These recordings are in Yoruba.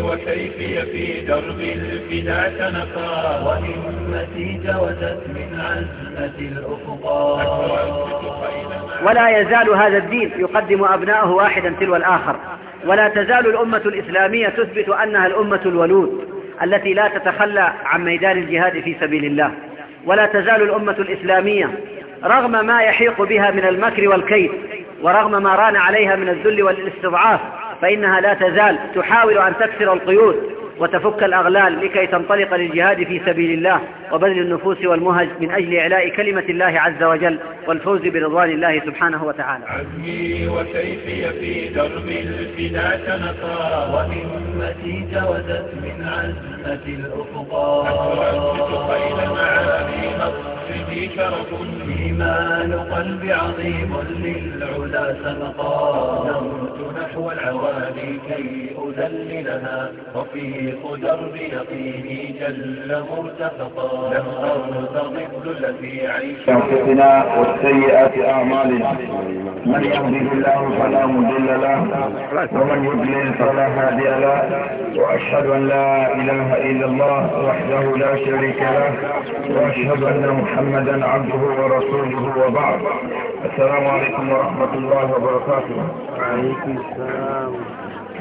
وسيفي في درب الفدا وهمتي جوزت من عزمة ولا يزال هذا الدين يقدم ابناءه واحدا تلو الآخر ولا تزال الأمة الإسلامية تثبت أنها الأمة الولود التي لا تتخلى عن ميدان الجهاد في سبيل الله ولا تزال الأمة الإسلامية رغم ما يحيق بها من المكر والكيد ورغم ما ران عليها من الذل والاستضعاف فإنها لا تزال تحاول أن تكسر القيود وتفك الأغلال لكي تنطلق للجهاد في سبيل الله وبذل النفوس والمهج من أجل إعلاء كلمة الله عز وجل والفوز برضوان الله سبحانه وتعالى عزمي وسيفي في درب الفدا شنقا وهمتي جوزت من عزمة الأفقا أتردت خيل معاني شرف إيمان قلبي عظيم للعلا سنقا نمت نحو العوالي كي أذللها وفي رفيق درب جل مرتفقا لم أرتضي الذي عيش أنفسنا والسيئات أعمالنا من يهده الله فلا مضل له ومن يضلل فلا هادي له وأشهد أن لا إله إلا الله وحده لا شريك له وأشهد أن محمدا عبده ورسوله وبعد السلام عليكم ورحمة الله وبركاته وعليكم السلام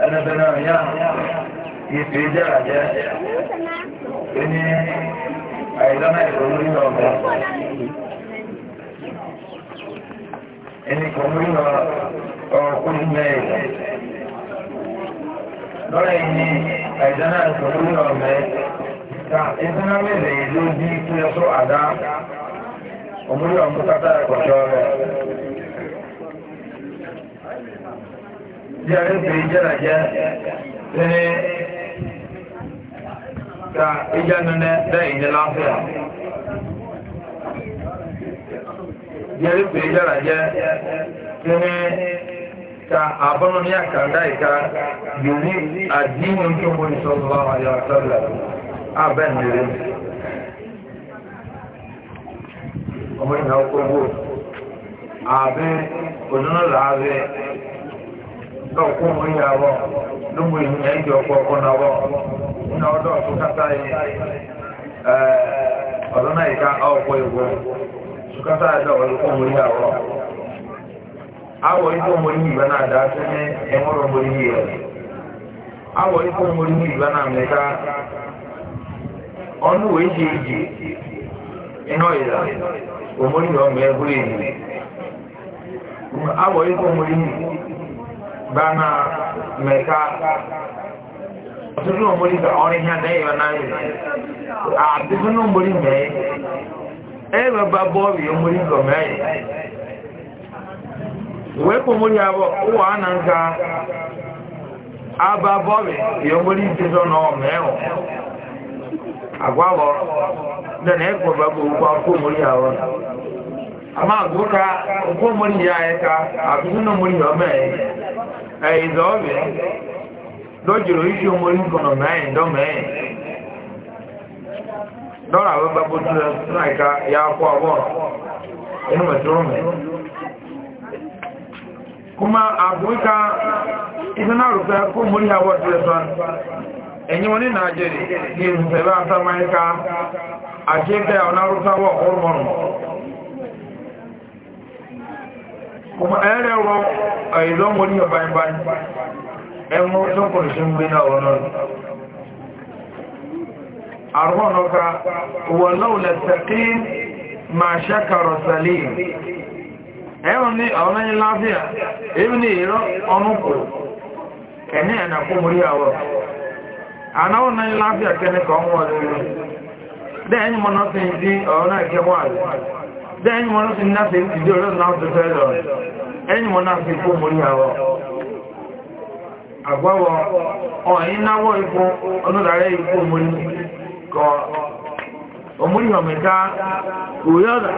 أنا بنا يا يتريجا جاء إني أيضا يقولون وما إني يقولون وقل ما lọ́rọ̀ ìní àìdáná ìṣòro ní ọ̀mẹ́ ta ìsinmi mẹ́rẹ̀ ló bí kí ẹ sọ jẹ́rẹ́ pé jẹ́rà jẹ́ ẹni ka ìjà nínú lẹ́yìn ní láfíà jẹ́rẹ́ pé jẹ́rà jẹ́ ẹni ka àbọ́nà ní àkàndá ìka yìí àdínú tó mú ìṣọ́lọ́wọ́ àwọn àtọ́lẹ̀ abẹ́nìyàn ọmọ ìnáwó kó abe, ààbẹ́ onínú làábẹ́ lọ́kọ́ mú ìyá wọ́ lóko ndị ìdí ọkọ̀ na náà wọ́ ọdọ ọdọ́ ọ̀tún kátà yìí ọdọ náà yìí ká ọ̀pọ̀ ìwọ́ sùkátà ọdọ ọ̀lọ́kọ́ mú ìyá wọ́ awọ ikọ̀ mú ìyí ìgbà náà dá sí ní ẹ̀wọ̀rọ̀ mú ìyí ẹ̀ awọ ikọ̀ mú ìyí ìgbà náà mẹ́ta ọ̀nù wèéjì ìjì iná ìlà òmùnìyàn mẹ́gbúrè yìí awọ ikọ̀ mú ìyí bana meka ọtụtụ ka ọrụ ihe ịwa atụtụ n'omori mee ebe ba bọọlụ omori ka mee wee omori abụọ ụwa a na nka aba bọọlụ ya omori zọ na ọmụ ịhụ agwa bụ ndị na-ekwe babụ ụkwụ akwụkwọ omori abụọ ama agwụ ka omori ya ya ka atụtụ n'omori ya ẹ̀yìndọ́ ọ̀rẹ́ lójúlò iṣu ọmọ onígbọ̀nà mẹ́rin dọ́ mẹ́rin dọ́là àwọn ka tó lọ ya kó ọwọ́ inú mẹ́tọ́rọ kuma àbúríkà ìsinà rúfẹ́ kó mórí àwọ̀ tó lẹ́sọ́ ẹ̀yìn wọn ní nàìjíríà ní ìrùfẹ́ bá ka ẹ̀ka àti ẹgbẹ́ kuma ɗan rero a yi zon wani ya bayan bayan e ɗan hoton bi na wani arhonoka na lattakin ma shakara salim ẹ̀wọ̀n e ni a ẹni lafiya ebi ni ìrọ ọmọkù ẹni ẹ̀nà kó múrí àwọ̀ ànáwọn ẹni láfíà kẹ́ni kọ́ wọ́n then anyone else in nothing to do doesn't to tell us anyone else in kó mórí àwọ̀ àgbọ́wọ̀ ọ̀yìn náwó ikú ọdúnlárẹ́ ikú mórí kọ òmúrí ọ̀mẹ́ta òyọ́dà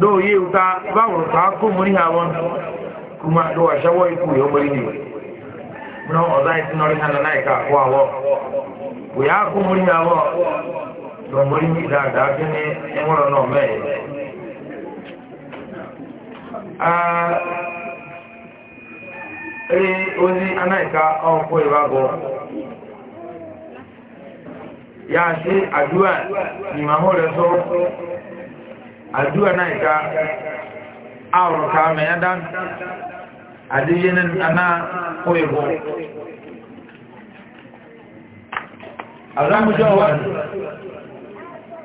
lóòyé ìta báwọn ká kó mórí àwọ̀ kúmà ló àṣẹwọ́ ikú yóò mórí nìyí náà ọ̀dá ìtínọ́rí hàn náà ìka àkó àwọ̀ lọmọdé ní dáadáa kí ni na náà mẹ́ẹ̀. Ee ozi anáìka ọ̀nkọ́ ìwágọ̀. Ya ṣe àdúrà ìmàmú rẹ̀ so àdúrà náìka àwọ̀rọ̀ká mẹ́yádá àdíyé ní aná kó ìwọ̀. Àdámújọ́ wà ní.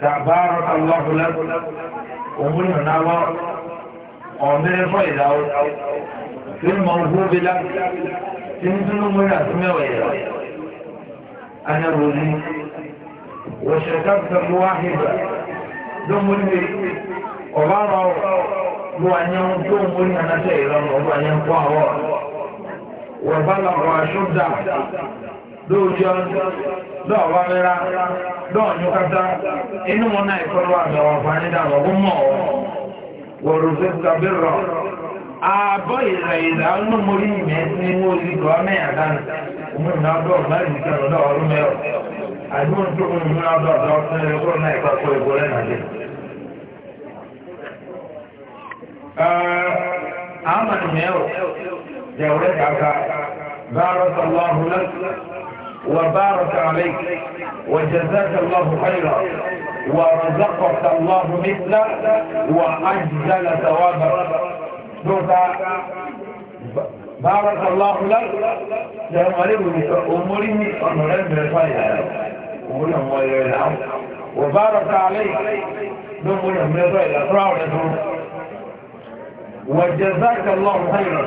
kàbáàrọ̀ aláhùlẹ́kù òun nà náà wọ́n ọ̀mẹ́rẹ́ fọ́ ìdáwó tí mo ń hú bí láti tí ń dúró mú ìrà sí mẹ́wàá yẹn anẹ́rọ̀lì wọ̀ṣẹ̀kàtà ló wá hìbà ló mú ní ọ̀bá rọ̀ ló wà nyẹ́ tó mú ní anáṣẹ́ ìrọ̀rùn ọ̀bá nyẹ́ kó àwọ̀ wọ̀bá làwọn aṣọ́ dáa lóòjọ́ lọ́ọ̀wá mẹ́ra lọ́ọ̀nyú kátá inú wọn náà ìkọlù àgbàwà fànídà ọgbọ́n mọ́ ọ̀ wọ̀rọ̀ fẹ́fẹ́ bẹ̀rọ̀ ààbọ̀ ìlà ìlà ọlọ́ mórí ìmẹ̀ ní mú orí gọ́ọ̀mẹ́ àdánù òun náà dọ̀ láì ní kẹrù náà ọdún mẹ́rọ̀ àìgbọ́n tó ń mú náà dọ̀ dọ̀ fún ẹgbẹ́ náà ìpapọ̀ ìbò rẹ̀ وبارك عليك وجزاك الله خيرا ورزقك الله مثل وأجزل ثوابك بارك الله لك لهم عليكم أمورهم أمرين وبارك عليك وجزاك الله خيرا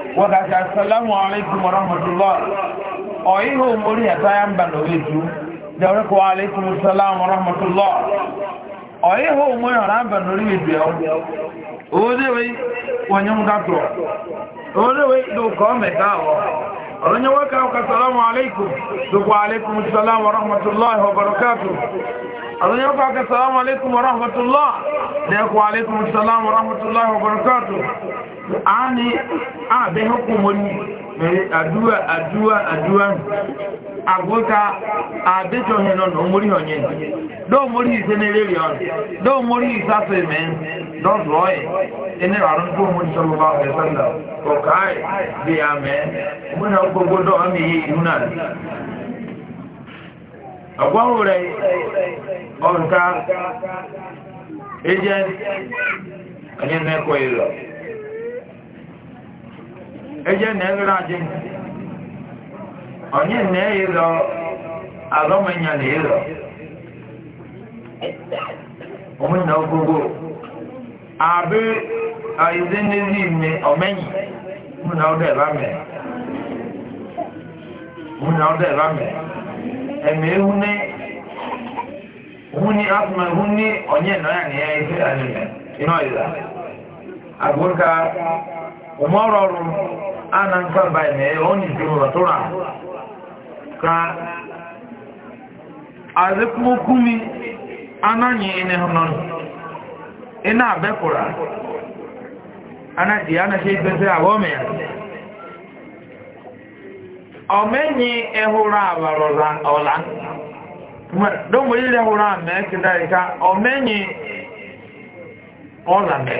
wọ́kàtí asalamu alaikum warahmatullah ọ̀yíhò mórí àtàyà ń bà lóríjú dẹ̀rẹ́kọ̀ alaikum salamu warahmatullah ọ̀yíhò mórí ọ̀rá ń bà lóríjú ẹ̀ òwúdẹ́wé wọ̀nyẹ́ mú dátọ̀ òwúdẹ́wé lókọ́ mẹ́ta ọ̀ ọ̀rọ̀nyẹ wọ́kà ọkà salamu alaikum lókọ̀ alaikum salamu warahmatullah ọ̀bọ̀rọ̀kátù ọ̀rọ̀nyẹ wọ́kà ọkà salamu alaikum warahmatullah dẹ̀kọ̀ alaikum salamu warahmatullah ọ̀bọ̀rọ̀kátù àání àbẹ́ hukumọ̀ ní àdúwà àdúwà àdúwà àgbóta àbẹ́jọ hẹnà ní omórí ọ̀nyẹ́ dóòmórí ìsẹ́nẹ̀rẹ́rẹ́ ọ̀nà dóòmórí ìsáfẹ́ mẹ́rin dọ́ọ̀dọ̀ ọ̀yẹ̀ ẹni àrùn tó mú ìṣọ́lọ́bà ọ̀fẹ́sọ́lọ́ ọ̀káì bí i na múnà gbogbo dọ́ọ̀ ẹjẹ́ nẹ́ ńlá jẹ́ ọ̀nyẹ́ nẹ́ ìlọ àlọ́mọ̀nyà lè lọ ọmọnyà ogogo àbí àìsẹ́ nílì mi ọmẹ́yìn múnà ọdọ̀ ẹ̀bá mẹ́ múnà ọdọ̀ ẹ̀bá mẹ́ ẹ̀mẹ́ ehu ní huni asma huni ọ̀nyẹ́ náà ní ẹ̀ ìfẹ́ àlẹ́ iná ìlà àgbórúkà ọmọrọrùn onye ẹ̀ ọ́nì tụrụ ahụ ka àríkúmọ́kú mi anáyí ẹni ọ̀nà iná àbẹ́kùrà anájì ya ìgbẹ́sẹ̀ àwọ́mẹ̀ ọ̀mẹ́yìn ẹhùrà àwàrọ̀lá ọ̀lá dómìnir ẹhùrà mẹ́kìdá ìka ọ̀mẹ́yìn ọ̀làmẹ́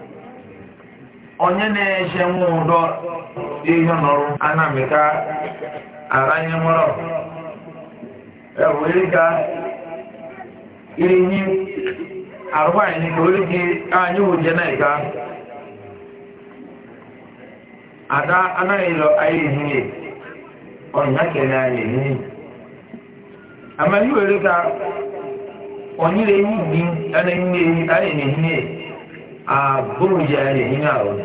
onye na-eche nwa ụdọ ihe nọrụ anamịka aranye nwụrọ ẹ̀wọ̀n ada anaghị àrùwá anyị kò ríkí ààyíwò anyị náà ìká àdá anyị ayéhìnyè ọ̀nyákẹ̀lẹ̀ ayéhìnyè àmà yíò ríkà ọ̀nyíre anyị na ayéhìnyè àbúrúyà rẹ̀ anya àwọn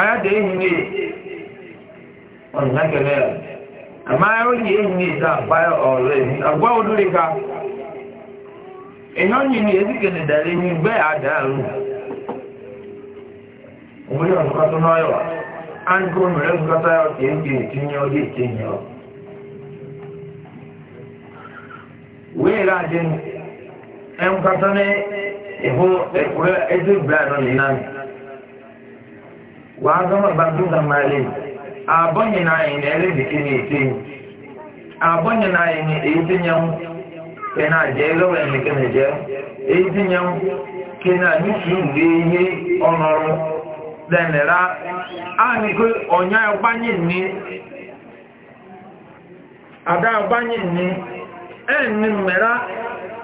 ayáde ehin ní ọ̀nà ya rẹ̀ àmọ́ ayáwọ́lì ehin ní ìdá àgbá ọrụ mi agwa olórí ka èyàn yìí ní èsì kẹlẹ̀ dàrí mgbe ya àdáàrú òmùlẹ̀ ọ̀nà tó náà yọ̀ ánkó wee ihu ekure ezi brano linami wa zama bantu zamali abonye na yi na ele dike na ete abonye na yi na eti nyam ke na je lo we ni na je eti nyam ke na ni su le ihe onoru denera ani ko onye agbanye ni ada agbanye ni en ni mera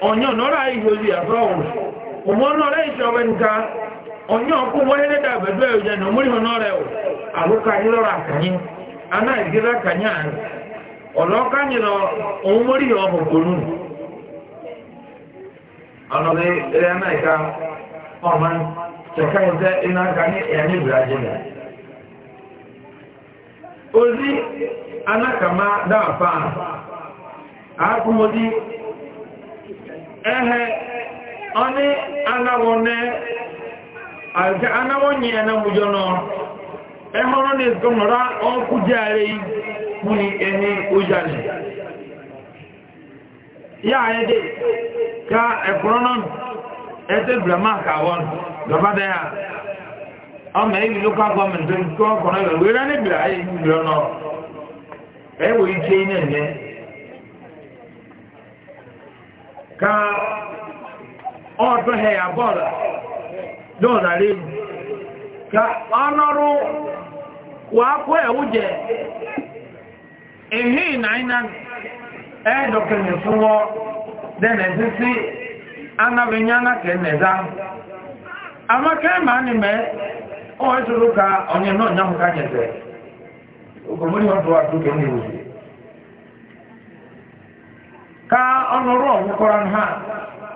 onye nọrọ ihe ozi abụọ ụmụ nọrọ ịchọwe nka onye ọkụ ụgbọhere dabedo eje na omerihe nọrọ ewu alụka anyị lọrọ akanyị anaghịzira akanyị anyị ọlọka anyị lọ omerihe ọhụ kporo ọnọdụ ere anaghịka ọma chekaize ịnaka anyị anyị bịara jena ozi anakama dafa akwụmodi ehe ọni anáwọ ní àti anáwọ yìí ẹnàmùjọ náà ẹmọ́rọ́ ní ìsọ́mọ̀rá ọkú jẹ́ ààrẹ ikú ni ẹni ó jàlẹ̀ yá ẹdẹ ká ẹ̀kùrọ́ náà ẹ̀tẹ́ blama kàwọn Ọ ma ọmọ ẹ̀yìn gọọmentị government tó kọ́ ọkùnrin ẹ̀wọ̀ ike ní ẹ̀mẹ́ ka ọdún ya bọ́ọ̀lá dọ́ọ̀lá elu ka ọlọ́rú wà kó ẹ̀wú na èhì ìnáyínà e ẹ̀ẹ́dọ̀kẹ̀lẹ̀ fún wọ́ dẹ̀nẹ̀ títí anábìnyánà kẹ́ẹ̀nẹ̀dá e Amaka e màá anyị mee, o ẹ́sọ̀rọ̀ ka ọ̀nyẹ̀ náà nyàmùká jẹ̀ ka ọnụrụ ọgwụkọrọ ha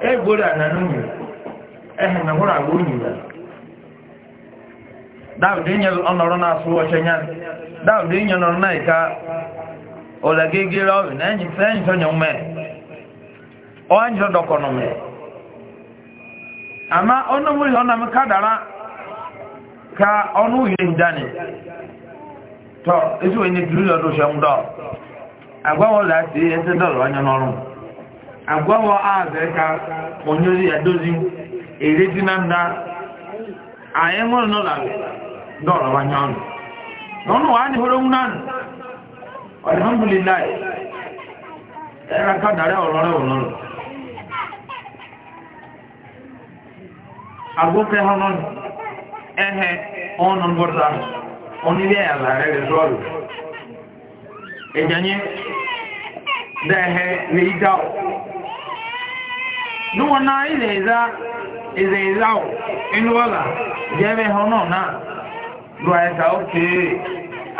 egboro na n'ụmụ e ehe na nwụrụ agba unyi ya david inye ọnọrọ na-asụ ọcha nya david inye nọrọ na ịka olegegere ọrị na enyi fe enyi sonye ume ọnyị dọkọ n'ume ama ọnụ mmiri ọ na-amị kadara ka ọnụ uhie ndani tọ esi onye duru ya ọdụ shem dọọ agwawo lati ese dọrọ anya n'ọrụ agwawo aze ka onye ya dozi ereti na nda anyị nwụrụ n'ụlọ dọrọ anya ọrụ n'ọnụ wa anyị hụrụ nwụrụ anụ alhamdulillah ẹ̀rọ kádàrẹ́ ọ̀rọ̀rẹ́ ọ̀rọ̀rọ̀ agbókẹ́ ọ̀nà ẹ̀hẹ́ onye gbọ́dá onílé àlàrẹ́ rẹ̀ sọ́rọ̀ ẹ̀jẹ̀nyẹ́ dẹ̀ẹ̀hẹ̀ lè dá ọ̀ ní wọn náà ilẹ̀ ìzá ìzẹ̀ ìzá ọ̀ inú ọ̀là jẹ́ẹ̀bẹ̀ ẹ̀họ́ náà náà lọ ẹ̀ta ó ṣe é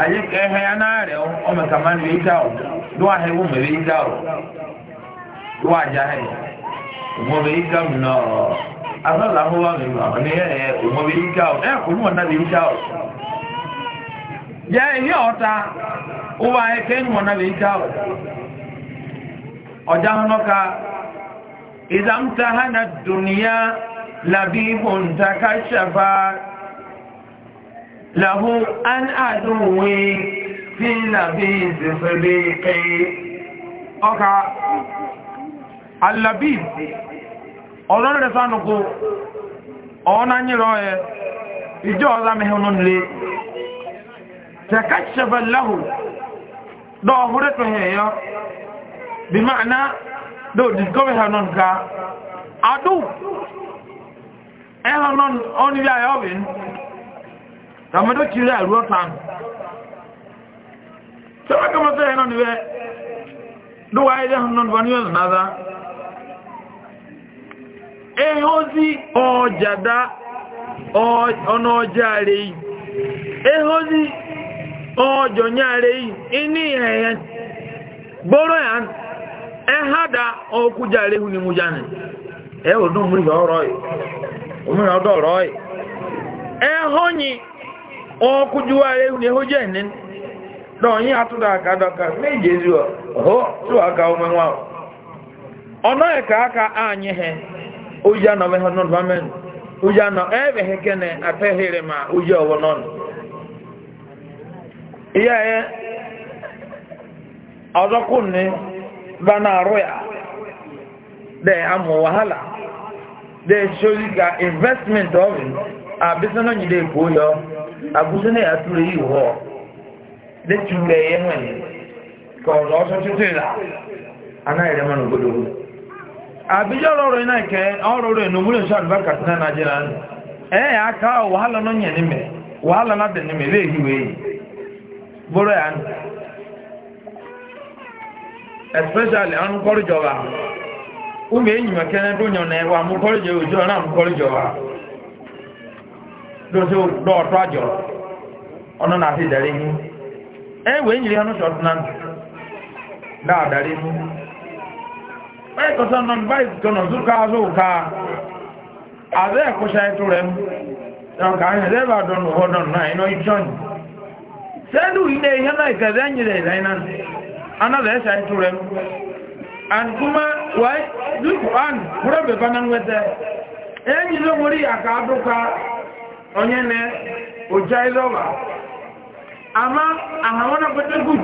àyíkẹ́ ẹ̀hẹ́ yá náà rẹ̀ ọmọ kàmá lè dá ọ̀ lọ ahẹ́wò mẹ́lẹ̀ ìdá ọ̀ lọ àjá ẹ̀ òmùọ́ mẹ́lẹ̀ ìdá ọ̀ náà asọ́làmúwà mẹ́lẹ̀ ìdá ọ̀ ẹ̀ jẹ́ ihe ọ̀ta ụwa eke nwọ na wee jaa ọjà hụnụ ka ìzàmta ha na duniya labibu ntaka shafa lahu an aduwe fi labi zifiri kai ọka alabi ọlọ́rẹ̀ rẹ̀ sánukú ọ̀nà nyere ọ̀yẹ ìjọ ọ̀zá mẹ́hùnú nìre تكشف له ظهرته هي بمعنى دو ديسكوفي هانون كا ادو اهانون اوني يا يوبين كما دو تشيري الو تان سبا كما تهانون وي دو واي هانون بانيو نذا ehozi ọjada ọ̀nà ọjà rèé ehozi ọjọ́ nyàrá yìí iní ẹ̀yẹn gbọ́rọ̀ yà ẹ̀hádà ọkùjà rẹ̀ ní mú jáni ẹ̀ ọdún múlùmí ọ̀rọ̀ yìí òmìnira ọdọ̀ ọ̀rọ̀ yìí ẹ̀họ́nyì ọkùjúwà rẹ̀ hùn ní ẹ̀họ́jẹ́ ẹ̀ní lọ́yìn àtúndà àkàdọ́ka méje zu ọ̀họ́ tó aka nà ọmọ ẹ̀họ́ ihe anyị ọzọkwụ nne ba na-arụ ya dị amụ wahala dị shozi ka investment ọrụ abịsa na nyide ka ụyọ agụsị na ya tụrụ iyi ụọ dị tụrụ ya nwere ka ọzọ ọsọ tụtụ anaghị ere mana obodo abịja ọrụ ọrụ na nke ọrụ ọrụ na omume nsọ adịba katina na jira ẹ eh, ya aka wahala nọ nyere n'ime wahala na adị n'ime ebe ehiwe ehi boro ya especially ọnụ kọrọ jọba ụmụ enyi kene dị dụnyọ na ewa mụ kọrọ jọba ojú ọna mụ kọrọ dozi dọọtụ ajọ ọnụ na-asị dara ihu ewe enyiri ha n'ụtọ na ndụ daa dara ihu onye kọsọ nọ mba izukọ nọ zụka azụ ụka azụ ekwụcha ịtụ rem ka anyị ebe adọ n'ụhọ dọ nọ anyị sẹ́nu ilé ihe náà ìkẹ̀dẹ́ ẹ̀nyẹ̀rẹ̀ ìdáyiná anáàlẹ̀ ẹ̀ṣà ètò rẹ̀ and kuma wáyé dùkù án kúrò bẹ̀bá na nwẹ́tẹ́ ẹ̀yìn ló wọ́rí àkà àdúkà onye nẹ òjá ilọ́wà àmá àhàwọn apẹtẹ́gù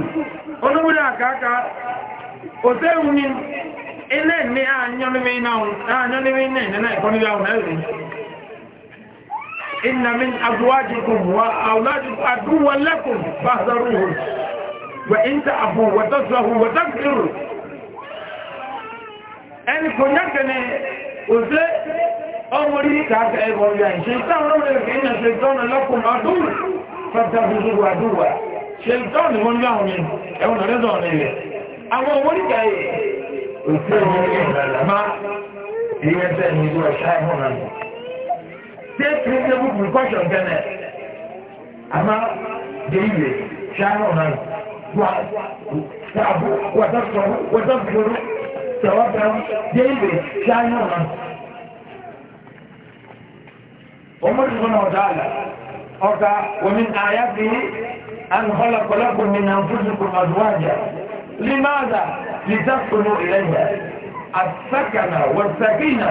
onúwúrí àkà aka òtẹ́ ní àyànlẹ́wẹ̀ náà àyànlẹ́wẹ̀ náà ìkọ́nilẹ́ àwọn ẹ̀rẹ́ إن من أزواجكم وأولادكم عدوا لكم فاحذروهم وإن تعفوا وتصفحوا وتغفروا ẹni kò yẹ́kẹ̀ẹ́ òṣè ọmọdé kàákẹ́ ẹgbọ̀n yà ṣe ìtàwọn olóòrùn kìí ṣe ìtọ́nà lọ́kùn àdúrù fàtàkùnrin àdúrà ṣe ìtọ́nà wọn láwọn ẹwọ̀n rẹ̀dọ̀ rẹ̀ àwọn owórí kàáyẹ̀ òṣè ìrìnlẹ̀ take reasonable precaution gẹ́nẹ̀ àmá dèyíye ṣááná náà wà tààbù wọ́tọ́fọ́rọ́ tẹ̀wọ́tà dèyíye ṣááná náà. ومن سبحانه وتعالى أوكا ومن آياته أن خلق لكم من أنفسكم أزواجا لماذا لتسكنوا إليها السكنة والسكينة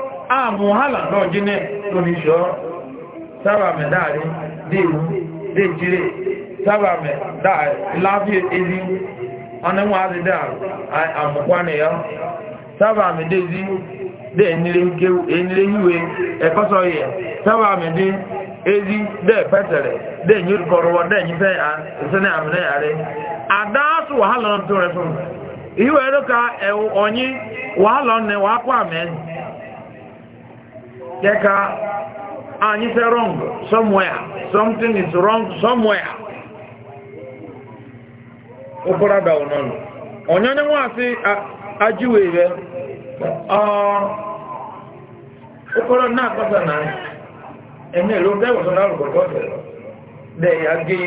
ààmù hálà náà jínẹ̀ lórí ṣọ́ sábàmẹ̀ dáàrí déèmú déèjìrè sábàmẹ̀ dáàrí láàbí èdè ọ̀nẹ́wọ̀n àdídà àmùkwánìyà sábàmẹ̀ déèjì dé ẹnilé yíwe ẹ̀kọ́sọ̀ yẹ sábàmẹ̀ dé ezi dé pẹ́tẹ̀rẹ̀ dé nyúrù kọrọwọ́ dé deka anyị ah, se wrong somewhere something is wrong somewhere ụkwara gawo n'ọnụ onyenye nwaasị ah, ajụwe ihe ụkwara ah, na-akpata na eme ìlú bẹ́ẹ̀ wọ̀n na náà ọzọ bẹ̀rẹ̀ bẹ́ẹ̀ yà gé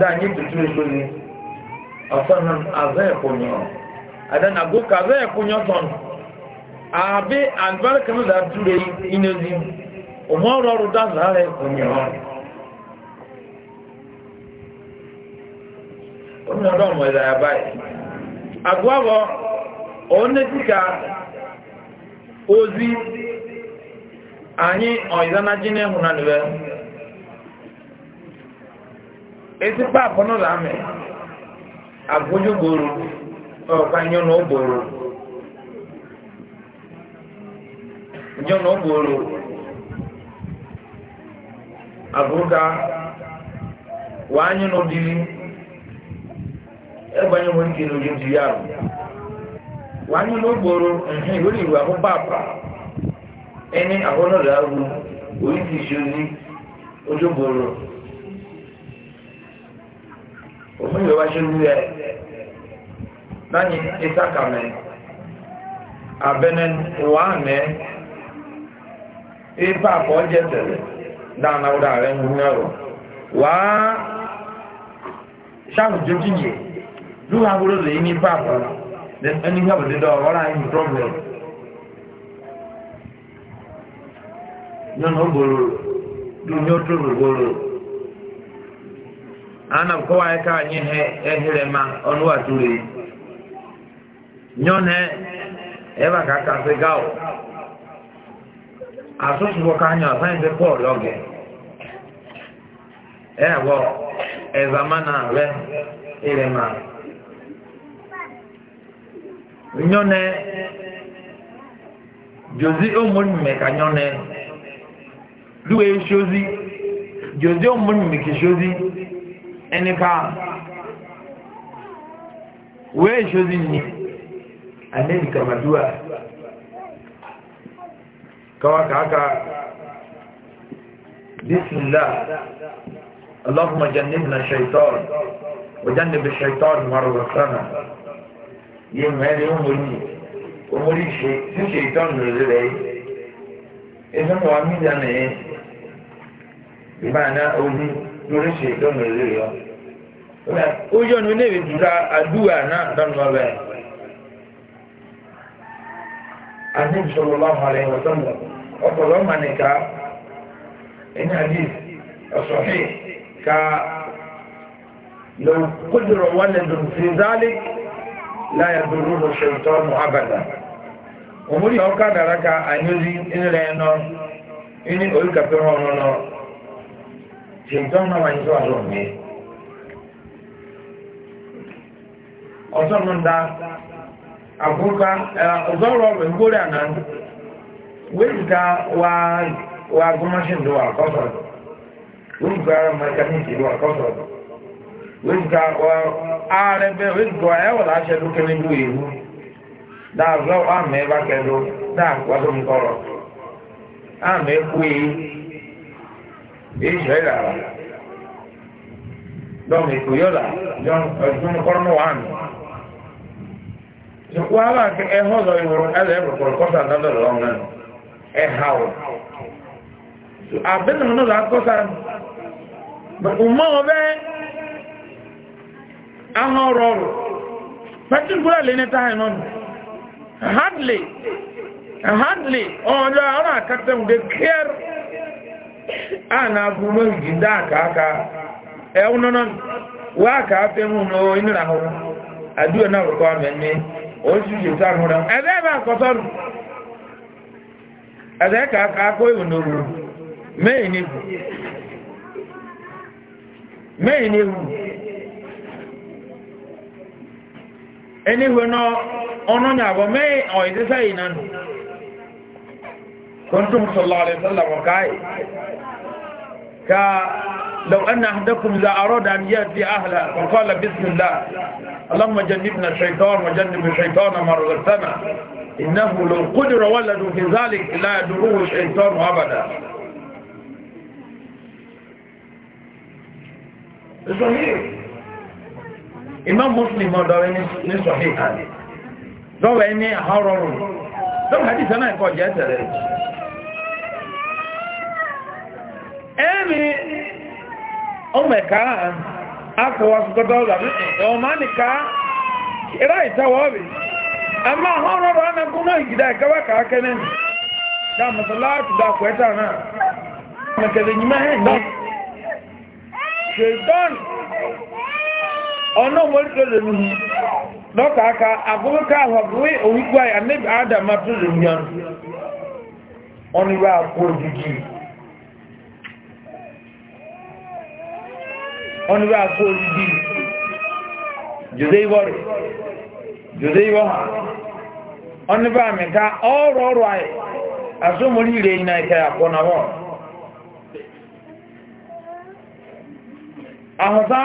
dáàyé tuntun ìlú ni ọ̀sán abe albarka mu da ture inezi umaru ọrụ dazara ụnyaahụ onye ọrụ ọmọdé abaghị agwagọ onye dịka ozi anyị ọyịzana ji n'ehụ na nwe ezigbo apụ njọ na ụgbọelu agụda wee anyị na odili ẹgbẹ́ yẹn wọ́n ti lóye ju yàrá wà ní lóògbòrò ǹhìn lórí ìwà fún bàbà ẹni àwọnọ̀dà ru orí ti ṣojú ojúbòrò òfin ìwà ṣojú ẹ láyìn ìsàkàmẹ abẹnẹ ipa àpọ̀ jẹ́ tẹ̀lẹ̀ dáná ọ̀dá rẹ̀ ń gún ẹ̀rọ wà á ṣàwùjọ jíjì ọhụrụ gbọ́dọ̀ lè ní ipa àpọ̀ ẹni gbàgbọ́ bụ ọ̀rọ̀ àyìn problem nínú gbòòrò lóní ó tó gbòòrò ana kọ́wá ẹ̀ka anyi hẹ ma asụsụwo ka anyị asaịsị pọl oge ebo ezamana re irema nyone jozi omonime ka nyone luwe shozi jozi omonime ki shozi enika wee shozi ni anelika maduwa كواك عكا بسم الله اللهم جنبنا الشيطان وجنب الشيطان ما رزقنا يوم هذه أمري أمري الشيطان نزلي إذن وعميد أنا إيه بمعنى أولي lórí ṣe ìdánwò ìrírí ọ. ó yọ̀nù ilé ìdúrà àdúrà náà dánwò ọ̀rẹ́ anabi sallallahu alayhi wa sallam ọpọlọ mànìkà ẹni hadith ọsọhí ka lọ kódìrọ wọn lẹdùn fi zálí láyà dúró lọ ṣètò ọmọ abàdà òmùrí ọkà dàrá ka ànyózi ńlẹ nọ ní oríkàpẹ ọrọ nọ ṣètò ọmọ wáyé tó àlọ mi ọsọ nù ń dá. àfúnká ọ̀zọ́rọ̀ ọ̀rọ̀ ìgbórí àná wéjìká wa gọmọ́ṣìn ló wà kọ́sọ̀rọ̀ wéjìká mẹ́kàníkì ló wà kọ́sọ̀rọ̀ wéjìká ààrẹ bẹ́ wéjìká ẹwọ̀ láṣẹ ló kéré ló ìwú dáàzọ́ àmì ẹbá kẹlú dáàkwádùn kọrọ̀ àmì ẹkú yìí ìṣẹ́ ìlàrà lọ́mì kò yọ́là ọdún kọ́rọ̀ wà nù wàhálà kí ẹ họ́zọ̀ ìwòrò ẹlẹ́ ẹ̀rọ̀kọ̀rọ̀ kọ́sà dábẹ̀rẹ̀ ọ̀nà ẹ hàwọ̀ àbẹ́nà ọ̀nà là kọ́sà ọmọ ọbẹ̀ ahọ́n ọ̀rọ̀ ọ̀rọ̀ pẹ̀tí gbúra lè ní táyà náà hardly hardly oṣìṣì sáàrùn rẹ̀ ẹ̀dẹ́ bá kọsọ́rù ẹ̀dẹ́ kàkà kó ìhùnòrò mẹ́yìn ihu ẹni ihu náà ọ̀nà yàbọ̀ mẹ́yìn ọ̀ìdísẹ́ ìnánu kọ́ntùn sọ̀lọ̀ àrẹ̀sọ́lọ̀ لو أن أحدكم إذا أراد أن يأتي أهلا وقال بسم الله اللهم جنبنا الشيطان وجنب الشيطان ما رزقتنا إنه لو قدر ولد في ذلك لا يدروه الشيطان أبدا صحيح إمام مسلم هذا صحيح هذا لو أني حرر لو حديثنا يقول جاءت ذلك أمي ọmọ̀ẹ̀ká akọwàsùgbọ́dọ̀ ọ̀mánìká ìrá ìtawọ́bì amma hàn rọrọ anakun náà ìgidà ìkẹwàkà akẹ́nẹ́ dá ọrụ dá kwẹ́ta náà mẹ̀kẹ̀lẹ̀ yìí mẹ́hẹ́ náà ṣèdán ọ̀nà mọ́lítọ́ lè mú lọ́kà aka agbókà àwọ̀gbé òwúgbà ànẹ́bì àdàmà tó lè mú ọ̀nà ìwà àpò òjìjì ọ̀nà bá kó orí bí jùdé ìwọ̀ rẹ̀ jùdé ìwọ̀ hàn ọ̀nà bá mẹ́ta ọ̀rọ̀ na ayẹ̀ àsómọ́rí rẹ̀ iná ìkẹ́ àkọ́nàwọ̀ àhọ̀sá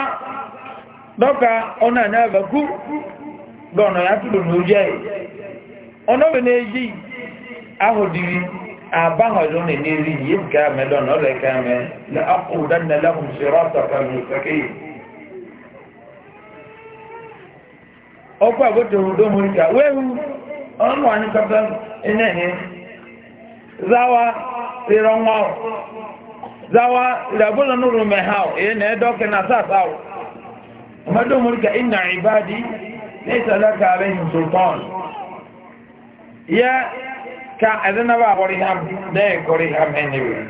dọ́ka na-eji dịrị أبغضون نريد كامل ولا كامل لأقودن لهم صراطك المستقيم ka àgbótòrò tó mú ìta wéhù ọmọ wà ní kọta iná ní záwá ìrọ̀nwá ọ̀ záwá ìrọ̀bọ́lọ̀ nínú mẹ́ha ọ̀ èyí na ẹ́dọ́kẹ́ na sáàtà ọ̀ ọmọdé mú ìta iná ìbádìí ní ìtàlákà rẹ̀ ní sultan yẹ́ ka ẹ̀dẹ́nà bá kọrí ham dẹ́ẹ̀ kọrí ham ẹni wẹ̀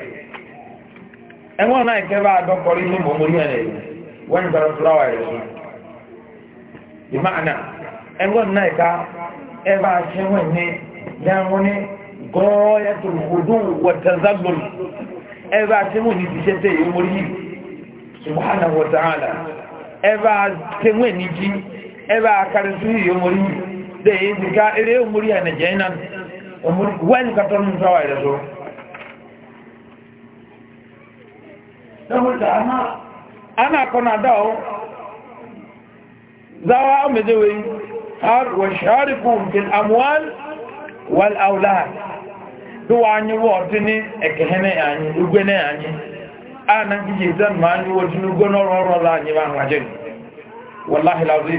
ẹwọ́n náà kẹ́ bá dọ́ kọrí ní mọ̀mọ́ ní ẹ̀nà wọ́n ń bẹ̀rẹ̀ fúláwà yìí sùn ìmọ̀ àná ẹwọ́n náà ká ẹ bá ṣe wọ́n ní yàrá ní gọ́ọ̀yà tó gbòdó wọ̀tẹ̀zálòlù ẹ bá ṣe wọ́n ní ti ṣe tẹ̀ yìí mórí yìí subhana wa ta'ala ẹ bá ṣe wọ́n ní jí ẹ bá dẹ̀ omuri wani katon mun sawa da so saboda ana ana kona dawo zawa mai zewe har wa shariku bil amwal wal aulad duwa anyi wọ̀tí ní ẹ̀kẹ̀hẹ́nẹ́ àyí ugbẹ́nẹ́ àyí a na ń kíjì ìtàn ma ń yíwọ́ tí ugbẹ́ náà rọrọ láàyí bá ń wájẹ́ wọ́láhìláwọ́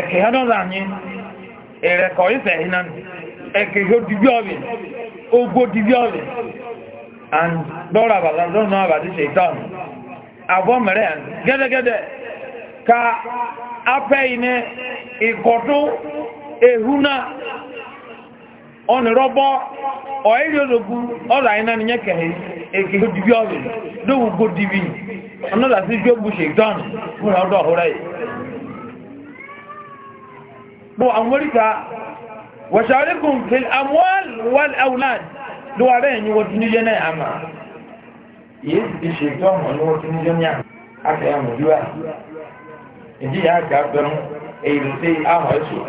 ẹ̀kẹ́ ọdọ́dọ̀ àyí ẹ̀rẹ̀kọ̀ ìfẹ̀ ìnáni ẹ̀kẹ́ yóò dìbí ọ̀rẹ̀ ogbó dìbí ọ̀rẹ̀ and dọ́rọ̀ àbàlá lọ́nà àbàdí ṣe ìtọ́nù àbọ́ mẹ́rẹ̀ gẹ́gẹ́gẹ́dẹ́ ka apẹ́ iné ìkọ̀tún ehuna ọ̀nìrọ́bọ́ ọ̀ẹ́rì ológun ọ̀rọ̀ àyíná ni yẹ́ kẹ̀ẹ́ èkè dìbí ọ̀rẹ̀ bó àwọn oríta wàṣàríkùn fi amwal wal aulad ló wà bẹ́ẹ̀ ni wọ́n tún níjẹ́ náà àmà yìí ti ṣe tó ọmọ ní wọ́n tún níjẹ́ ní àkàyà mọ̀júwà ìdí yà gà bẹ̀rún èyí sí àwọn ẹ̀ṣọ́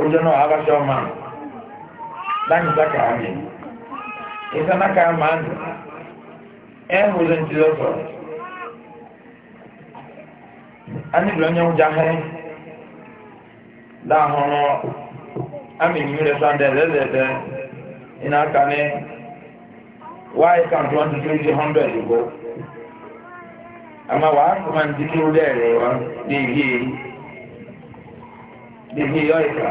ojú náà abáṣọ ọmọ láyìn sáka àmì ìsanáka àmà ẹ̀hùn lẹ́ntì lọ́sọ̀rọ̀ anibiri onye ụjahịrị lahụrụ amị mmiri sandel ezede ịnaka ni wáyé kan aka three to hundred ìgbó àmà wàá kọ́ máa ń dikí ó dẹ́rẹ̀ wá léyìí léyìí yọ ka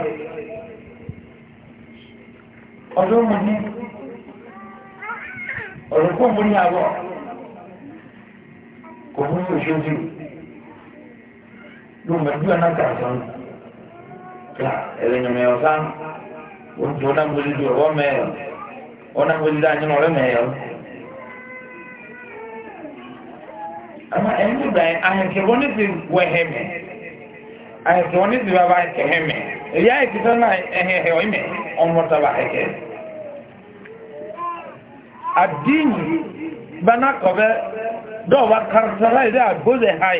ọdún mo ní ọdún kó kò na mọ̀ bí ọ̀nà kàtàn ká ẹ̀rẹ̀nyọ̀mẹ̀ ọ̀sán ojú ọ̀nà mbọ̀lì ju ọ̀wọ́ mẹ́ẹ̀ọ́ ọ̀nà mbọ̀lì dá anyínú ọ̀rẹ́ mẹ́ẹ̀ọ́. Ama ẹni bẹ̀rẹ̀ ahẹ̀kẹ̀wọ́ ní ti wọ ẹ̀hẹ̀ mẹ́ ahẹ̀kẹ̀wọ́ ní ti bàbá ẹ̀hẹ̀ mẹ́ èyí ahẹ̀kẹ̀ sọ náà ẹ̀hẹ̀hẹ̀ ọ̀ mẹ́ ọmọọ̀tàbà ẹ̀kẹ̀. Àdínì Adini náà kọ̀ bẹ́ dọ́ọ̀bá kàrùsàlá ìdá àgbóze háì.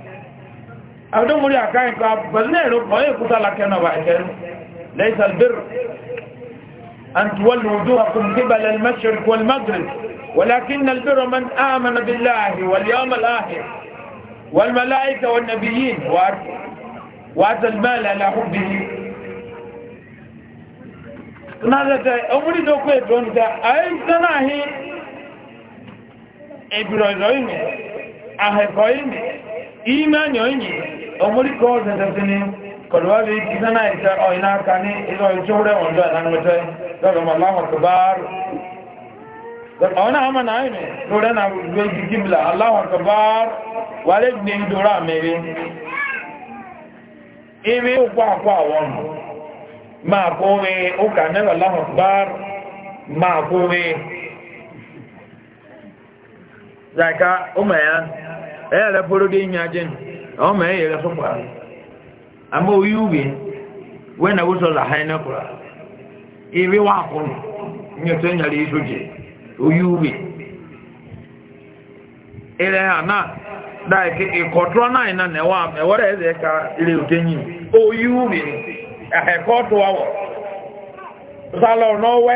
أبدون يا كاين كاب بلنيرو بوي كوتا لكنا باكر ليس البر أن تولوا وجوهكم قبل المشرق والمغرب ولكن البر من آمن بالله واليوم الآخر والملائكة والنبيين وأتى المال على حبه ماذا تقول أمري دوكو يبون تا أي سناهي إبراهيم أهيكوين ime anya onye ọmụrịka ọzọdọsịnị kọlụwarị kisa na ịta ọyịna aka ní ịlọ ìṣòro ọjọ ìlànàmẹtẹ lọ́rọ̀ mọ̀lá ọkọ̀báàrù ọ̀nà àmà náà ìmẹ̀ lórí ẹ̀nà gbé gígbìlà aláwọ̀kọ̀báàrù wà lè ní ìdúrà mẹ́rin ime òkú àkó àwọn máa kó mi ókà nẹ́rọ aláwọ̀kọ̀báàrù máa kó mi zaka ó mẹ́ ya ẹ̀rẹ̀ bọ́rọ̀dé ìyàjẹ́ ọmọ ẹ̀yẹ̀ rẹ̀ sọ́pàá àmọ́ oyí ubi wẹ́n na wọ́sọ̀ là na nẹ́kùrà ìrí wà kún nyẹ̀tọ́ ìyàrá èso jẹ oyí ubi ilẹ̀ àná dáìkì ìkọ̀tọ́ náà iná nẹ̀wọ́ ẹ̀wọ́rẹ̀ ẹ̀zẹ̀ ẹ̀ka ilé òtẹ́ yìí oyí ubi ẹ̀kọ́ tó wà wọ̀ sálọ̀ náà wà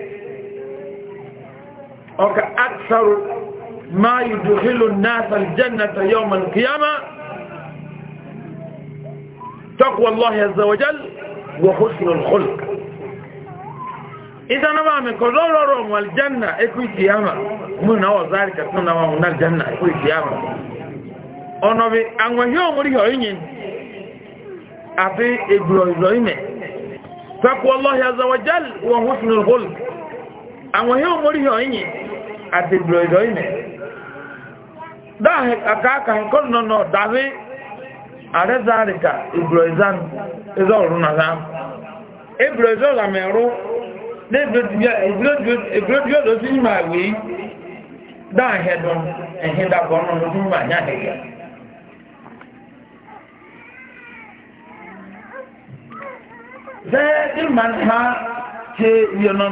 ọka aksaru ma yi duhilu nasar jannata yau man kiyama takwa Allah ya zawajal wa husnul khulq idan ba mai kodororo mu aljanna ekwi kiyama mu na wa zalika tunna wa mun aljanna ekwi kiyama ono bi anwa hiyo muri hiyo yin abi egro iro ime takwa Allah ya zawajal wa husnul khulq anwa hiyo muri hiyo yin àti ìgbòrò ìnẹ̀ dáàkàkà ẹ̀kọ́ nọ̀nà dàbí àrẹ́zàríkà ìgbòrò ìzán ẹzọ́ ọ̀rún nàzá ìgbòrò ìzọ́ làmẹ̀rú ìgbòrò sí ìmà ìwé dáàhẹ́dùn ẹ̀hìn dàbọ̀ ọ̀nà sí ìmà ìyáhẹ̀gẹ̀ Zẹ́ẹ́dì máa ń ha ṣe iye náà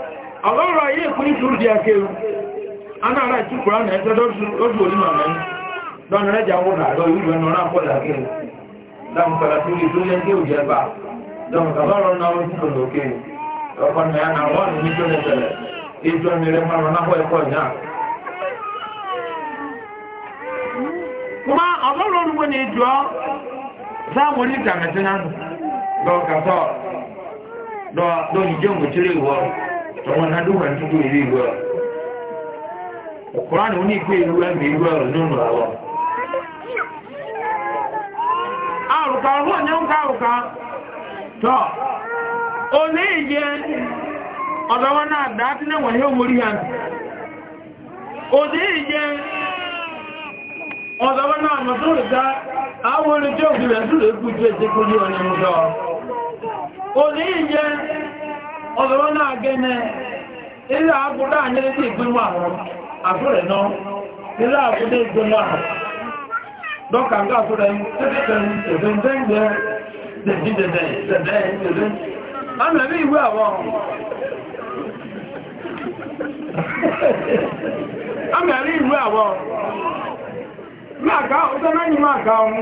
àlọ́rọ̀ ayé ìpín ìtúrù dị akéru anára a nà ẹgbẹ́ lójú na mẹ́rin lọ́nà rẹ̀jà wọ́n nà àlọ́ ìwúrẹ̀ nà ọ̀nà àpọ̀dà na dáhùn kàlà tó lè tó yẹ kí ò jẹ́ bá dáhùn kàlà ọ̀rọ̀ náà ó túnbọ̀ lókè ọkọ̀ nà ẹ̀nà wọ́n ní tó ẹ̀wọ̀n náà dùn wọn dúdú ìlú ìlú ọ̀rọ̀ ọ̀kùnrin òní ìgbé ìlú ẹ̀mí ìlú ọ̀rọ̀ nínú àrùkà ọ̀rọ̀ ní àrùkà tọ́ ìjẹ náà ọ̀sọ̀rọ̀ náà gẹ́nẹ̀ ilé àbúrò àyẹ́rẹ́ sí ìpínlẹ̀ àwọn àbúrẹ̀ náà ilé àbúrò ìgbìmọ̀ àwọn dọ́kàngá àbúrẹ̀ ìgbẹ̀rẹ̀ ìgbẹ̀rẹ̀ Máa ká ọjọ́ náà ní máa ká ọmọ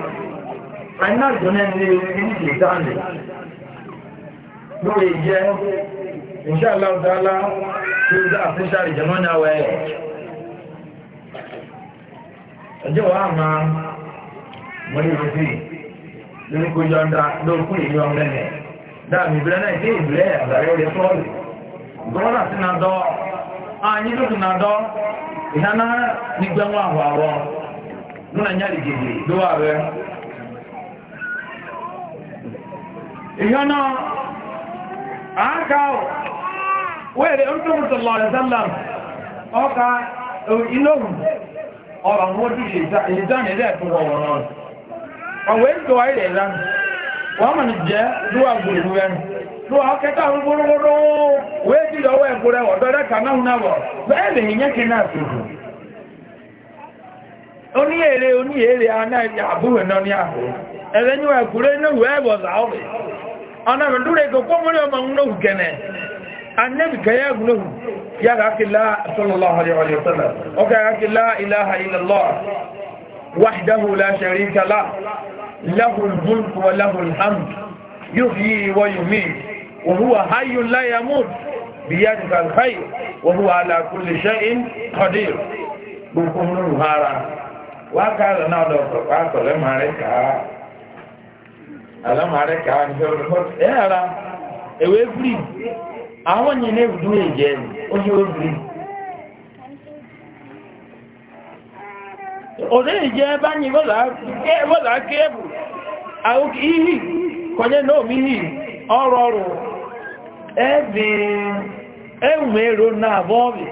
àìná ìjọ́nà ní ilé ìdáǹdè lórí jẹ́ ìṣàlọ́dáàlá tí ó dá àfíṣà ìjọmọ́ ní àwẹ̀ ọjọ́ wa máa mọ́lé rẹ̀ lórí kójọ́ lórúkú ìlú ọmọdé ní dáàmì ìbílẹ̀ náà tí ìbílẹ̀ àgbàrẹ́ rẹ̀ fọ́ọ̀lù gọ́ọ̀nà sí náà dọ́ ààyí tó sì náà dọ́ ìnáná nígbẹ̀wọ̀n àwọ̀ àwọ̀ lónà nyàlì gègé ìyọ́nà àákàọ̀ wẹ́rẹ̀ ọdúnmùsọ̀lọ̀ àrẹ̀sálàm ọka ilóhùn ọ̀rọ̀ àwọn ojú ìdánilẹ̀ ẹ̀kùn ọ̀wọ̀rọ̀ ọ̀wẹ́ tó ayẹ̀rẹ̀ ìlànà wọ́n mọ̀ ní jẹ́ lúwà gbogbo ẹnu lúwà ọkẹta gbogbo oní èrè oní èrè anáyà àbúrò náà ní àbò ẹ̀rẹ́ ní ẹ̀kúrẹ́ ní ìwé ẹ̀bọ̀zà ọ̀rẹ́ ọ̀nà ìdúrẹ́ ìkòkó mọ́lẹ̀ ọmọ ọmọ gẹ̀nẹ̀ annabi kaya gulu ya raki la sallallahu alaihi wa sallam o ka raki la ilaha illallah wahdahu la sharika la lahu al-mulk wa lahu al-hamd yuhyi wa yumiit wa huwa hayyun la yamut bi yadihi al-khayr wa huwa ala kulli shay'in qadir bu kunun hara wákà lọ́nà ọ̀dọ̀ pàtó lẹ́màárẹ̀ kàá ka kàá ní ọ̀dọ̀ ẹ̀ ara èwe firi àwọn yìí ní ìdúró ìjẹ́ ó ṣe ó firi. òde ìjẹ́ bá ní bọ́lá kéèbù àwọn ìhì kọjẹ́ náà mi hì ọrọ̀ ọrọ̀ ẹ̀bìn ẹ̀wùn èrò náà bọ́ọ̀bì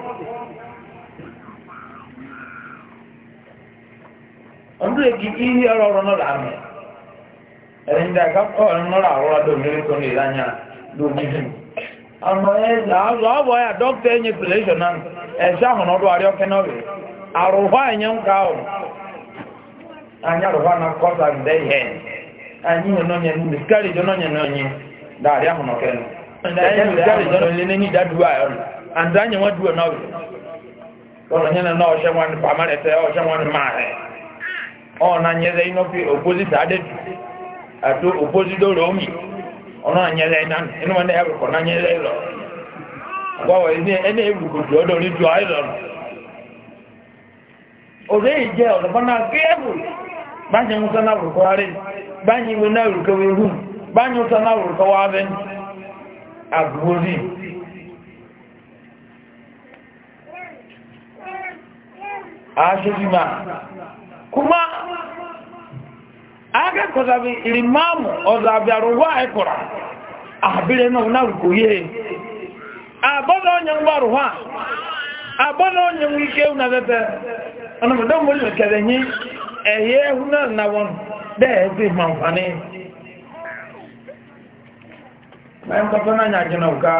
ọdún èkì ihe ọrụ ọrụ náà amị. ẹni ndị a ọrụ kọ ọrọ ọrụ làwọ ọdún mílí anya lè lányà lóbi jù ya dọkịta enye pìlẹṣọ na ẹṣẹ àhùn enye na kọta nde ihe anyị nọ n'onye ndị karị jọ n'onye n'onye daarị ahụ nọ ndị karị jọ n'onye anyị nwa na nwa ndị ọ̀nà nyẹlẹ iná fi opposite adétu ato opposite olómi ọ̀nà nyẹlẹ iná inú wọn náà ẹ̀rọ̀kọ̀ náà nyẹlẹ lọ wọ́wọ́ ẹni ẹni ewùkòtò ọ̀dọ̀ orí ju àìlọ́ nù. òde yìí jẹ́ ọ̀dọ̀ fún náà kéèbù báyìí ń sọ náà rúkọ rẹ báyìí ń kuma aga kọzabi ilimamu ọzabi arụwa ịkụra abịrị na ụna rukuhie abọna onye ngwa arụwa onye nwe ike ụna bebe ọnọdụ mmiri mekere nye ẹ̀yẹ ehu náà na wọn ma ń fani báyìí kọfẹ́ na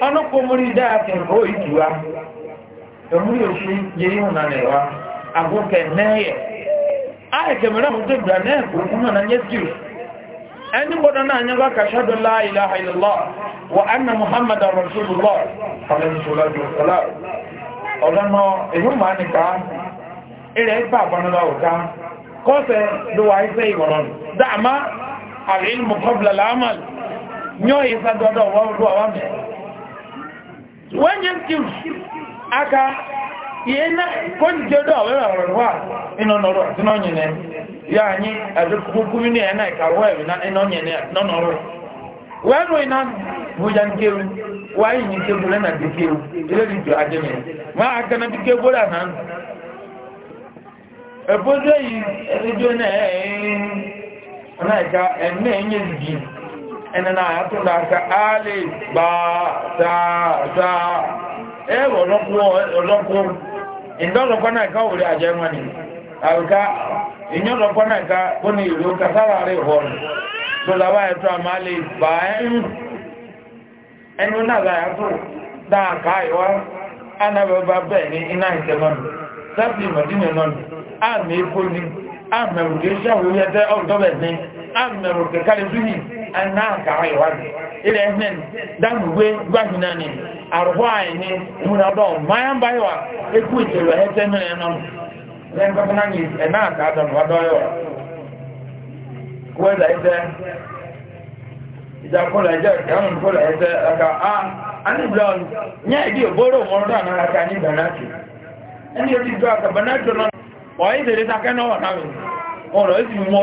ọnụkwụmri daakị o ituwa omuri oshi yeri hụna na ịwa agwụke neye ahụ kemere ọmụdụ bịa na-ekwu na nye siri ẹni gbọdọ̀ náà yẹn bá kàṣádọ́ láìláha ìlọ́lọ́ wà ánà muhammad rasulullah alẹ́sọ́lọ́dọ̀sọ́lá ọ̀dọ́nà èyún máa nìka ilẹ̀ ipa àbánilá òká kọ́sẹ̀ lówà iṣẹ́ ìwọ̀n dáàmá àrílmù wọ́n wenye mtu aka yena konje do awera wa ino noro tino ya anyi azukuku mini ena ikarwa ina ino nyene no noro wenu ina buja nkiru wa yin nkiru na dikiru ile dijo ajene ma aka na dike na ebozo yi ejo eh, eh, na ka enne enye digi ẹni náà àtúndà ká áàlè gbà tààtà ẹwọ ọlọ́kún ìdọ́lọ́pọ̀ náà ká òrí àjẹ́ wọn ni àríká ìyọ́lọ́pọ̀ náà ká ó ní ìlú kàtàrà rẹ̀ hàn tó làwá ẹ̀tọ́ àmàlè gbà ẹnu náà láyàtò dáàkà ìwá anábẹ́bá bẹ́ẹ̀ ní iná sáfì náà àmì àmì ọ̀dọ́bẹ̀ amma rukakar zuhi an na ka haihuwar ila ihnen dan gwe gwahina ne muna don mayan bayawa eku itero hete nuna yanon zai kafa nan yi ena ka don wado yawa kuwa da ita aka a an blon nya oboro mọrọdọ na aka ọ̀rọ̀ mú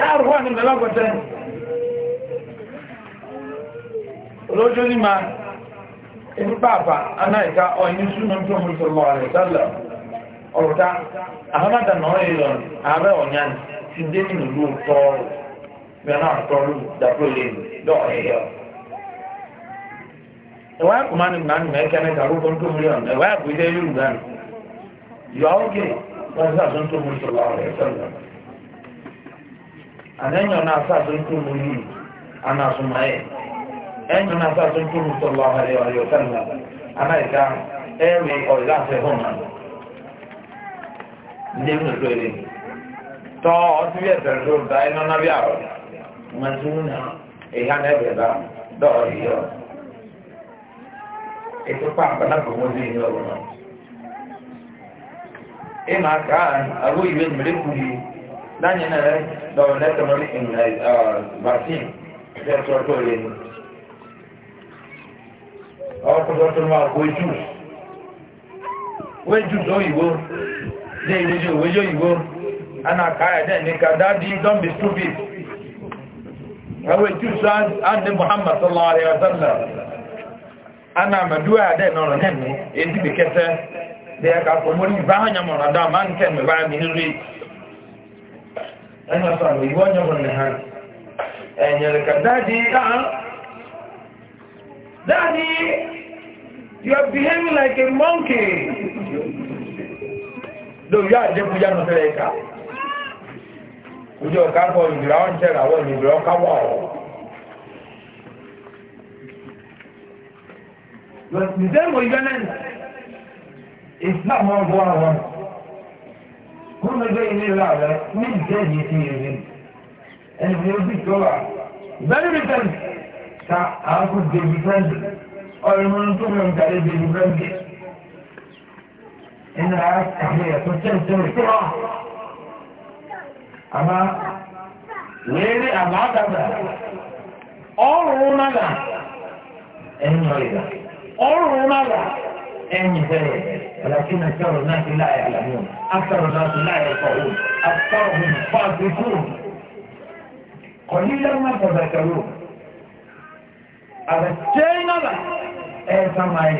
dáàrùwà ní ìdálọ́gọ̀tẹ́ olójú ní ma ibi pàápàá anáìka ọ̀yìn súnmọ́ tó mú sọ̀rọ̀ rẹ̀ sálẹ̀ ọ̀rọ̀ta àmọ́dà náà ìlọ ààrẹ ọ̀nyán ti dé nínú ìlú tọ́ọ̀rù mẹ́rin àtọ́rù dàpọ̀ lè lọ́ọ̀ẹ́yọ ẹ̀wà ẹ̀kùnmá ni màá nìmọ̀ ẹ̀kẹ́ mẹ́ta rúbọ tó mú yọ̀ ẹ̀wà ẹ̀kùn ilé yorùbá yọ̀ ọ́gẹ̀ wọ́n sàtún tó mú sọ̀rọ̀ rẹ̀ sọ̀rọ̀ àtẹ́yìn enyo na tó mú yìí anásùnmá na ẹ̀yìn náà sàtó tó mú sọ̀rọ̀ àwàlẹ̀ ọ̀rẹ́ ọ̀sánlá anáìka ẹ̀rì ọ̀rẹ́ àfẹ́ hàn náà ndé ndị nìtò ẹ̀rẹ́ tọ́ ọtụtụ ihe ẹ̀sẹ̀ tó da iná náà bí àrọ̀ mọ̀tí mú náà ìhà náà ẹ̀bẹ̀ bá dáyìn náà lọ́wọ́ economic vaccine ṣe tó tó lé ní. ọkùnrin tó máa wé jùs wé jùs òyìnbó dé ìwéjì òwéjì òyìnbó ana kaya don be stupid. ẹwé jùs àndé muhammad sallallahu alayhi wa ana mẹ́dúwà dẹ́ nọ̀rọ̀ nẹ́ni èdè ka dẹ́ ká kò mórí báyà mọ̀ràn dá máa ń kẹ́ mi mi ẹnu ọ̀sán àmì ìwọ́ ọ̀nyọ́gbọ̀n ní ha ẹ̀yẹ̀rẹ̀ kan dáàdì náà dáàdì you are behaving like a monkey lórí yóò àjẹ́kù yánu fẹ́rẹ̀ ẹ̀ka ojú ọ̀ká bọ̀ ìgbìrà ọ̀njẹ́rà wọ̀ ìgbìrà ọ̀ká wọ̀ ọ̀ Ìsẹ́mù ìgbẹ́lẹ̀ ìsìlámù ọgbọ́n àwọn wọ́n lọ gbé ilé rà rẹ ní ìjẹ́jì ti rí ẹni bí ó sì tó wà very recent ta àákú david friendly ọ̀rẹ́ mọ́nú tó mọ̀ nígbàdé david friendly ẹni àá kàwé ẹ̀kọ́ tẹ́lifíṣẹ́ tó wà àmà wéèrè àmà àkàtà ọ̀rùn nàgà ẹ̀yìn ọ̀rẹ́gà ọ̀rùn nàgà ẹ̀yìn fẹ́rẹ̀ ولكن أكثر الناس لا يعلمون أكثر الناس لا يرفعون أكثرهم فاسقون قليلا ما تذكرون أبتينا لك ẹ sàmàlì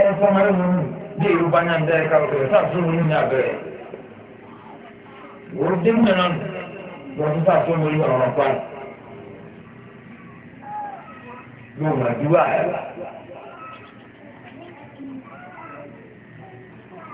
ẹ sàmàlì mú mi bí yorùbá náà ń dẹ́ ẹ̀ka òkè sàtúnú ní abẹ́rẹ́ wọ́n dé mìíràn wọ́n tún sàtúnú ní ọ̀rọ̀ pa yóò máa dúró àyàlá.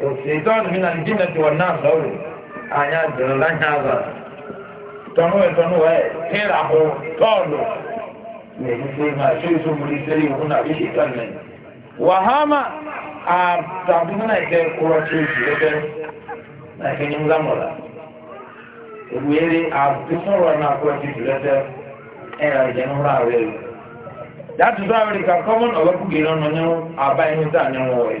الشيطان من الجنة والناس أولي أنا جنران هذا تنوي تنوي تيرا هو ما شيء سمري هنا بشيطان من وهما أبتعبنا إكي كورا شيء لكن يمزمرا Ìwéèrè àbùsọ̀rọ̀ náà kọ́ ti jù lẹ́tẹ̀ ẹ̀rọ ìjẹun rà That is why America common ọ̀gọ́kùnrin náà ní àbá ẹni tá ní wọ̀nyí.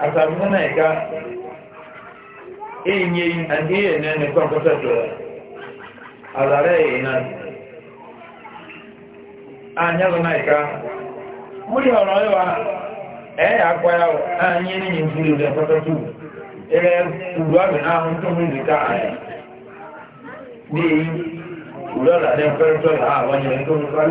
asabu na ika enye angiye nene kwa mkosato azare ina anyazo na ika muri hono yewa eh akwara anye ni nyimfuru ya mkosato ele kuwa na mtu mwingi kaa ni ulala na mkosato ah wanywe mtu kwa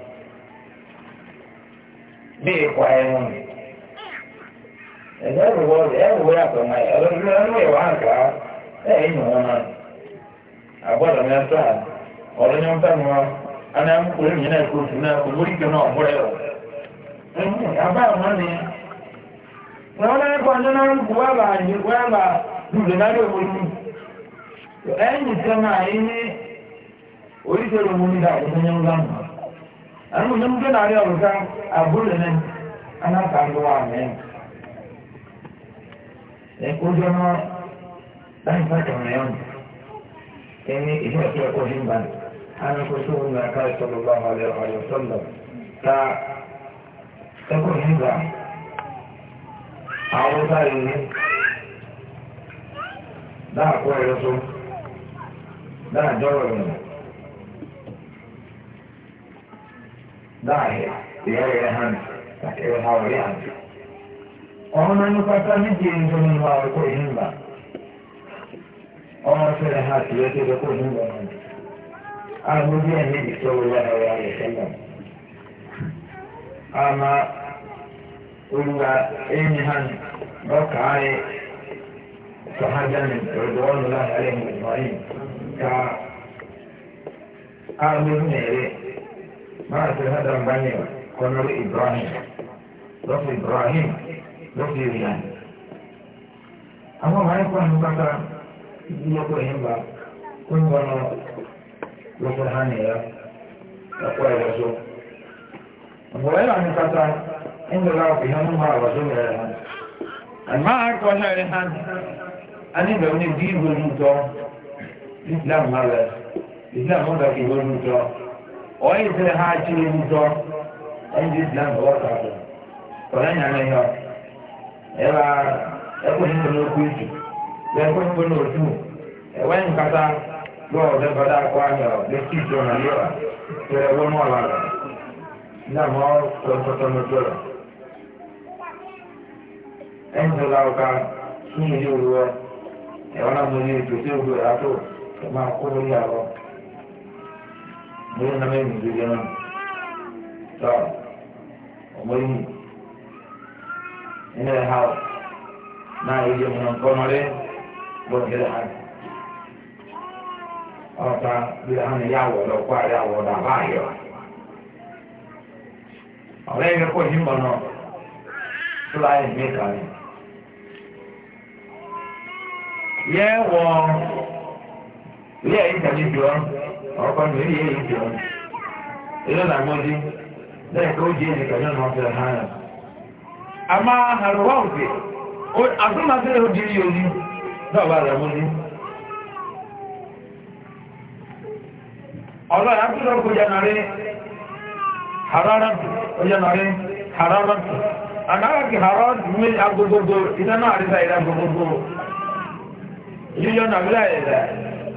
bí ìkọ ẹnu ẹ̀dá ẹ̀rùwọ́ ẹ̀rùwọ́ àtọ̀mọ́ ẹ̀ ọlọ́dún ẹ̀rọ ìwà àgbà ẹ̀ ẹ̀yìn wọn náà àgbọ̀dọ̀ mi ẹ̀tọ́ à ọ̀rọ̀ yẹn ń tà mọ́ àná ń kúrò mí náà kúrò náà kò mórí jọ náà ọ̀gbọ́rẹ́ rọ̀ àbá àwọn ni wọn náà kọ́ ọjọ́ náà àyè náà wọlé ní oríṣiríṣi ń ẹnu ní ndé nàárẹ̀ ọ̀gá àbúrò ní anákàndúwà mẹ́. Ẹ̀kọ́jọ́ náà láti pàtó rẹ̀ ọ̀nà. Ẹni ìlú ẹ̀kọ́ ẹ̀kọ́ ní ìbàdàn. Anakọ̀ tó ń gbà ká ìsọ̀rọ̀ bá wàlẹ̀ ọ̀rọ̀ sọ̀lọ̀. Ta ẹ̀kọ́ ní ìgbà àwọn báyìí ní dáàkọ́ ẹ̀rọ tó dáàjọ́ ọ̀rọ̀ daaye yɛrɛ han ka ɛyɛ ha o yan ɔmo na nipa ta ne die nso ne ma o kɔ yin ba ɔmo sɛ ha tiɛ ti bɛ kɔ yin ba na a mo bi ɛn ne bi sɛ o yɛrɛ o yɛrɛ sɛlɛm ama olùwà ɛyìn han bɔkaa yɛ sɔhajan rɛdɔwɔlula ɛyɛ mɔlɔyin ka a mo bi na yɛrɛ máa ṣe hádà ń bá Ibrahim lọ́sọ̀ Ibrahim lọ́sọ̀ ìrìnà. àwọn ọmọ ẹ̀kọ́ ní bàbá ìdílọ́gbọ̀ yẹn bá kó ń wọnà lọ́sọ̀ hánì ya ẹ̀kọ́ ẹ̀rọ sọ. ọ̀gbọ̀n ẹ̀rọ ní kata ń lọ́la òkè hàn ń máa wàṣọ mẹ́rẹ̀ hàn. àmọ́ àkọ́ náà rẹ̀ hàn á ní ìbẹ̀rù ní bí ìgbòho ń tọ́ Islam máa rẹ̀ Islam mọ́ta kì í gbòho ń tọ́. onye ise ha achịghị ụzọ ndị islam bụ ọka bụ ọ na ihe ebe ekwenye mkpe n'okwu izu ekwenye mkpe n'otu enweghị nkata lọọ debata akụ ọ bekee isi ọna yọra kere ụgwọ n'ụlọ ala ndị ma ọ kọtọtọ n'okporo ẹnìtọ́lá ọ̀ka sún ìlú òwúrọ̀ ẹ̀wọ́n náà ọ múlò na mẹ́rin lórí náà tọ́ ọmọ yìí nínú ẹ̀ ha ọ̀ náà yìí jẹ́ mọ̀ nǹkan rẹ̀ gbọ́dọ̀ yẹn ha ọ̀ta bí hàn yà wọ̀ lọ́kọ́ àrẹ àwọ̀ ọ̀dà bá yọ. ọ̀rẹ́ yẹn ọkọ mi rí èyí jọ ilé làgbọ́dí lẹ́yìn tó jẹ́ ẹnì kàjọ́ náà fẹ́ hàn án. a máa hàrù wá òkè àtúmọ̀tẹ́lẹ̀ ó di yóò ní dọ́ọ̀bà làgbọ́dí. ọlọ́run akúrò kó jẹnàrí hararantu ó jẹnàrí hararantu àgbàkì hararantu mú agogogo iná náà àrísà ìlà agogogo yíyọ nàbílà ẹ̀dà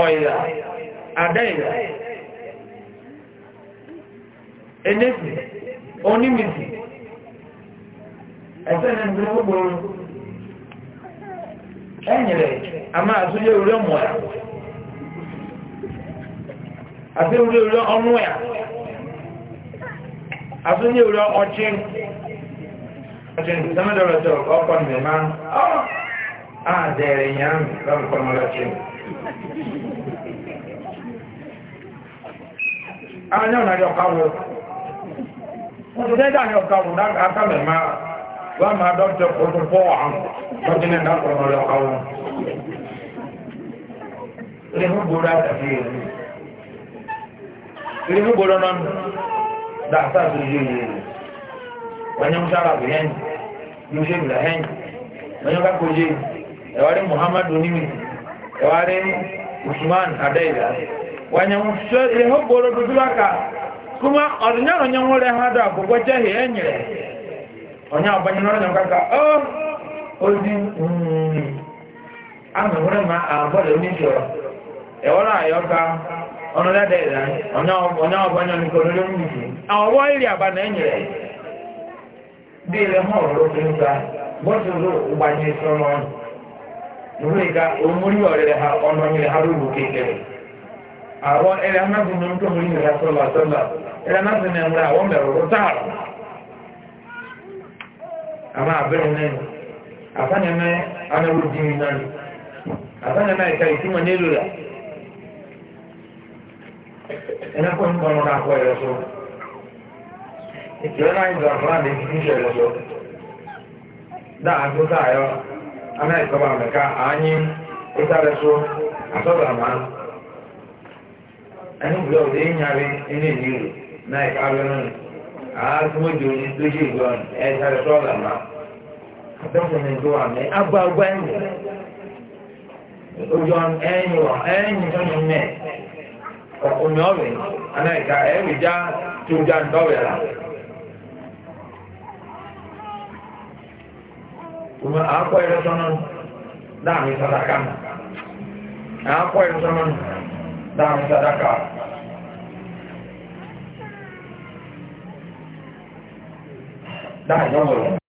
ọ̀yà àdáyà enéfì onímìsì ẹ̀sẹ̀ ní gbogbo ẹ̀yìnrẹ̀ a máa tún lé orí ọmọ ẹ̀ àti orí orí ọmọ ẹ̀ àti orí orí ọchí ọchí Àwọn ọ̀nà yọ káwọ̀. Wọ́n tó dẹ́dà yọ káwọ̀ lákàlẹ̀ máa wá máa dọ́jọ ọdún fọ́ àwọn lọ́jọ́ náà kọ̀ọ̀rọ̀ yọ káwọ̀. Ìrìnú gbòrò àtàkì yìí. Ìrìnú gbòrò náà dàtà tó yé yìí. Wọ́n yẹn ń sára bìyẹn, yóò ṣe bìlà Wọ́n yẹn bá kó yé, ẹ̀wárí ẹ̀wárí usman adéyà wànyẹ̀wòsọ ìhó gbòòrò dúdú aka kuma ọ̀dùnyá ọ̀nyẹ̀wò rẹ̀ ha dà àgbọ̀gbọ̀ jẹ́ hì ẹ̀nyẹ̀rẹ̀ ọ̀nyá ọ̀bànyẹ̀ náà ọ̀nyẹ̀wò kaka ọ́ oh, ozi mm, amẹ̀wòrẹ̀ ma àgbọ̀dọ̀ ní ìṣòro ẹ̀wọ́rọ̀ àyọ̀ká ọ̀nọ́dẹ́dẹ́ ìlà ọ̀nyá lórí ka omori ọ̀rẹ́ ha ọ̀nà ìrìn arúgbó kékeré àwọn ẹ̀rẹ́ anáfin ní ọdún orí ìrìn asọ́lá sọ́lá ẹ̀rẹ́ anáfin ní ẹ̀múra àwọn bẹ̀rù rọ́tàrù àmà àbẹ̀rẹ̀ náà àfáànyẹ̀mẹ́ anáwó dìmí náà àfáànyẹ̀mẹ́ ìka ìtumọ̀ nílò rà ẹ̀rẹ́ kọ́ ní kọ́nù náà kọ́ na sọ ìtìrẹ́ náà ìdọ̀ àfúrà lè fi anaghị kọba amịka anyị ụtarịsụ asọbama anyị bụ ọdụ ịnyarị na-eka abịanụ àádọ́jọ ní lójú ìgbọ́n ẹ̀ka ìṣọ́ọ̀lá máa àtọ́kùnrin tó wà ní agbágbá ẹ̀yìn ojú ẹ̀yìn wà ẹ̀yìn tó ní mẹ́ ọ̀kùnrin ọ̀rẹ́ anáìka ẹ̀rì já tó ń dọ́wẹ̀ rà. kuma àákọ́ ẹ̀rọ sọ́nà dáàmì sàdákà nù àákọ́ ẹ̀rọ sọ́nà dáàmì sàdákà dáàmì sọ́nà